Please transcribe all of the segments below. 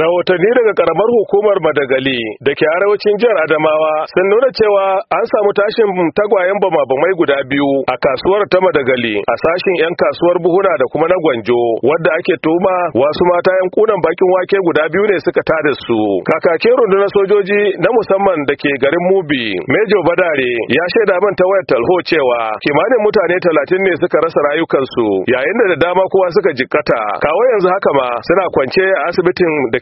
rahotanni daga karamar hukumar madagali da ke arewacin jihar adamawa sun nuna cewa an samu tashin tagwayen bama-bamai guda biyu a kasuwar ta madagali a sashin yan kasuwar buhuna da kuma na gwanjo wadda ake tuma wasu mata yan kunan bakin wake guda biyu ne suka tada su kakakin rundunar sojoji na musamman da ke garin mubi mejo badare ya shaida min ta wayar talho cewa kimanin mutane talatin ne suka rasa rayukansu yayin da da dama kowa suka jikkata kawo yanzu haka ma suna kwance a asibitin da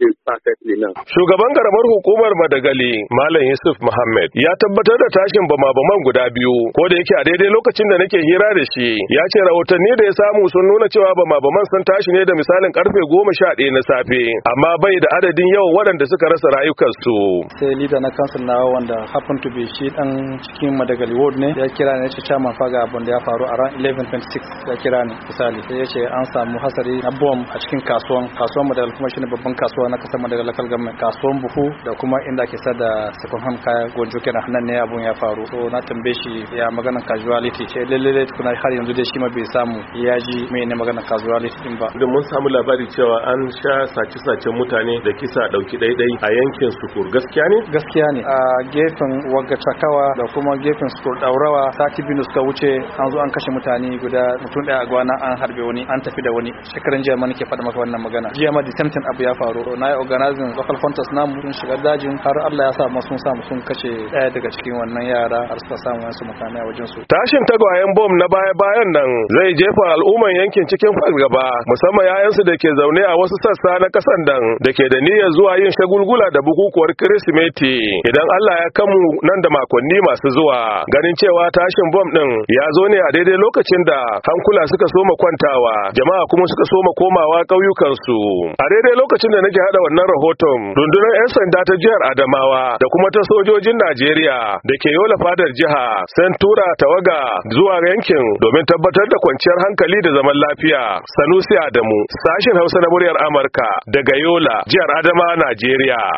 ke perfectly Shugaban garamar hukumar Madagali Malam Yusuf Muhammad ya tabbatar da tashin bama-baman guda biyu ko da yake a daidai lokacin da nake hira da shi ya ce rahotanni da ya samu sun nuna cewa bama-baman sun tashi ne da misalin karfe goma sha ɗaya na safe amma bai da adadin yawan waɗanda suka rasa rayukansu. Sai lida na kansil na wanda happen to be shi ɗan cikin Madagali ward ne ya kira ne ya ce faga abin da ya faru a ran 11:26 ya kira ne misali sai ya ce an samu hasari na bom a cikin kasuwan kasuwan Madagali kuma shi ne babban kasuwa na kasar madaga local government kasuwan buhu da kuma inda ake sa da second hand kaya gonjo kenan nan ne abun ya faru so na tambaye shi ya magana casualty ce lalle kuna har yanzu dai shi ma bai samu ya ji mai ne maganan casualty din ba da mun samu labari cewa an sha sace sacen mutane da kisa dauki daidai a yankin sukur gaskiya ne gaskiya ne a gefen wagatakawa. da kuma gefen sukur daurawa sati binus ka wuce an zo an kashe mutane guda mutum daya a gwana an harbe wani an tafi da wani shekaran jiya ma nake faɗa maka wannan magana jiya ma the abu ya faru na yi organizin local contest na mutum shiga dajin har Allah ya sa masu sun samu sun kashe ɗaya daga cikin wannan yara har suka samu wasu makamai a wajen su tashin tagwayen bom na baya bayan nan zai jefa al'umman yankin cikin fargaba musamman yayansu da ke zaune a wasu sassa na kasan nan da ke da niyyar zuwa yin shagulgula da bukukuwar Kirsimeti idan Allah ya kamu nan da makonni masu zuwa ganin cewa tashin bom din ya zo ne a daidai lokacin da hankula suka soma kwantawa jama'a kuma suka soma komawa ƙauyukansu a daidai lokacin da nake da wannan rahoton rundunar 'yan sanda ta jihar Adamawa da kuma ta sojojin Najeriya da ke yola fadar jiha sun tura tawaga zuwa yankin domin tabbatar da kwanciyar hankali da zaman lafiya. Sanusi Adamu, sashin Hausa na muryar Amurka daga Yola, jihar Adamawa, Najeriya.